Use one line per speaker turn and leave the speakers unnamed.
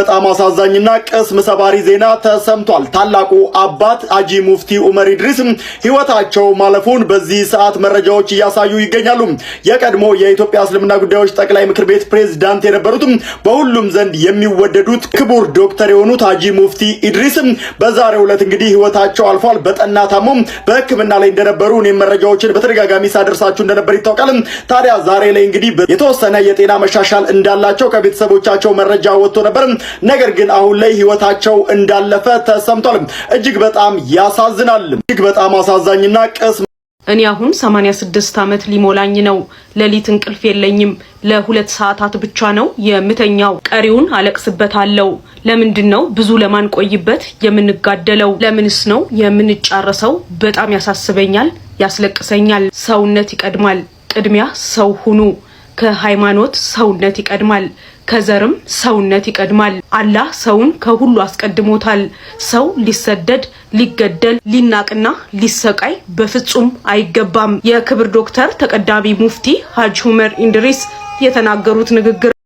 በጣም አሳዛኝና ቅስም ሰባሪ ዜና ተሰምቷል። ታላቁ አባት አጂ ሙፍቲ ኡመር ኢድሪስ ህይወታቸው ማለፉን በዚህ ሰዓት መረጃዎች እያሳዩ ይገኛሉ። የቀድሞ የኢትዮጵያ እስልምና ጉዳዮች ጠቅላይ ምክር ቤት ፕሬዝዳንት የነበሩትም በሁሉም ዘንድ የሚወደዱት ክቡር ዶክተር የሆኑት አጂ ሙፍቲ ኢድሪስ በዛሬው ዕለት እንግዲህ ህይወታቸው አልፏል። በጠና ታሞም በህክምና ላይ እንደነበሩ እኔም መረጃዎችን በተደጋጋሚ ሳደርሳችሁ እንደነበር ይታወቃል። ታዲያ ዛሬ ላይ እንግዲህ የተወሰነ የጤና መሻሻል እንዳላቸው ከቤተሰቦቻቸው መረጃ ወጥቶ ነበር። ነገር ግን አሁን ላይ ህይወታቸው እንዳለፈ ተሰምቷል። እጅግ በጣም ያሳዝናል። እጅግ በጣም አሳዛኝና ቅስ
እኔ አሁን 86 ዓመት ሊሞላኝ ነው። ሌሊት እንቅልፍ የለኝም። ለሁለት ሰዓታት ብቻ ነው የምተኛው፣ ቀሪውን አለቅስበታለሁ። ለምንድን ነው ብዙ ለማንቆይበት የምንጋደለው? ለምንስ ነው የምንጫረሰው? በጣም ያሳስበኛል፣ ያስለቅሰኛል። ሰውነት ይቀድማል። ቅድሚያ ሰው ሁኑ። ከሃይማኖት ሰውነት ይቀድማል፣ ከዘርም ሰውነት ይቀድማል። አላህ ሰውን ከሁሉ አስቀድሞታል። ሰው ሊሰደድ፣ ሊገደል፣ ሊናቅና ሊሰቃይ በፍጹም አይገባም። የክብር ዶክተር ተቀዳሚ ሙፍቲ ሀጅ ሁመር ኢንድሪስ የተናገሩት ንግግር